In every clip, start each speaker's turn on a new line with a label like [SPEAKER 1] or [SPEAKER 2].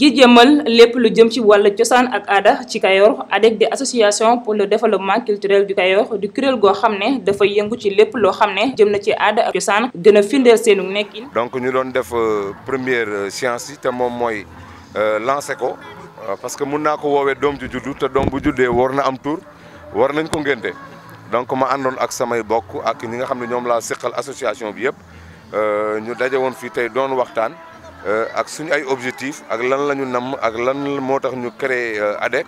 [SPEAKER 1] gi jëmmal lépp lu jëm ci wàllu cosaan ak aada ci Kayor avec des association pour le développement culturel du Kayor di kuréel goo xam ne dafa yëngu ci lépp loo xam ne jëm na ci aada ak cosaan gën a firndeel seenu nekkin.
[SPEAKER 2] donc ñu doon def euh, première euh, science yi te moom mooy euh, lancé ko parce que mun naa ko woowee doom ju juddu te doom bu juddee war na am tur war nañ ko ngénte donc ma àndoon ak samay bokk ak ñi nga xam ne ñoom laa seqal association bi yëpp ñu daje woon fii tey doon waxtaan. Euh, ak suñu ay objectif
[SPEAKER 1] ak lan la ñu namm ak lan moo tax ñu créer euh, ADEC.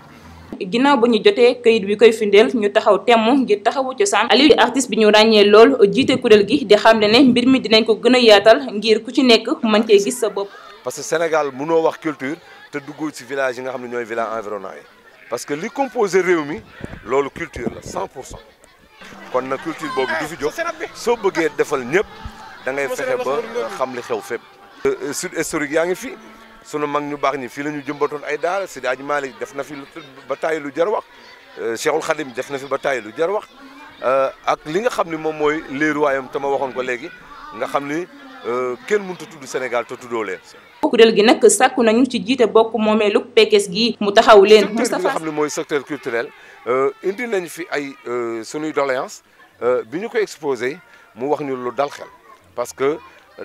[SPEAKER 1] ginnaaw ba ñu jotee kayit bi koy findeel ñu taxaw temm ngir taxawu cosaan Aliou di artiste bi ñu ràññee lool jiite kuréel gi di xam ne ne mbir mi dinañ ko gën a yaatal ngir ku ci nekk man cee gis sa bopp.
[SPEAKER 2] parce que Sénégal noo wax culture te duggu ci village yi nga xam ne ñooy village environnant yi parce que li composé réew mi loolu culture la pour cent kon na culture boobu du fi jóg soo bëggee defal ñëpp da ngay ba xam li fépp. Euh, sud historique yaa ngi fi sunu mag ñu baax ñi fii la ñu jëmbatoon ay daara Seydi Hadji Malick def na fi ba taay lu jar wax euh, Cheikhul Khadim def na fi ba taay lu jar wax euh, ak li nga xam ne moom mooy léeruwaayam te ma waxoon ko léegi nga xam ni kenn mënut a tudd Sénégal te tuddoo leen.
[SPEAKER 1] kuréel gi nag sàkku nañu ci jiite bokk moomeelu Pekes gi mu taxaw leen. Moustapha bi xam
[SPEAKER 2] ne mooy secteur culturel indi nañ fi ay sunuy doléance bi ñu ko exposé mu wax ñu lu dal xel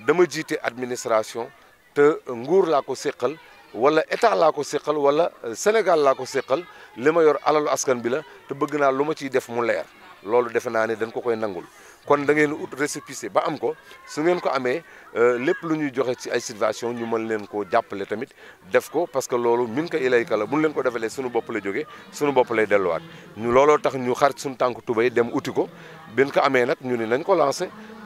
[SPEAKER 2] dama jiite administration te nguur laa ko séqal wala état laa ko séqal wala euh, Sénégal laa ko séqal li ma yor alalu askan bi la te bëgg naa lu ma ciy def mu leer loolu defe naa ne dañ ko koy nangul kon da ngeen ut récépissé ba am ko su ngeen ko amee euh, lépp lu ñuy joxe ci ay situation ñu mën leen koo jàppale tamit def ko parce que loolu min ko ilayka la bu ñu leen ko defalee suñu bopp la jógee suñu bopp lay delluwaat ñu looloo tax ñu xar suñu tànk tubay dem uti ko bin ko amee nag ñu ne nañ ko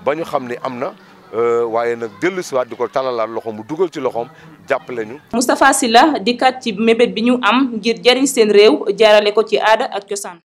[SPEAKER 2] ba ñu xam ni am na Euh, waaye nag dellu siwaat di ko talalaat loxoom bu dugal ci loxoom jàppale ñu.
[SPEAKER 1] Moustapha la dikkat ci mébét bi ñu am ngir jariñ seen réew jaarale ko ci aada ak cosaan.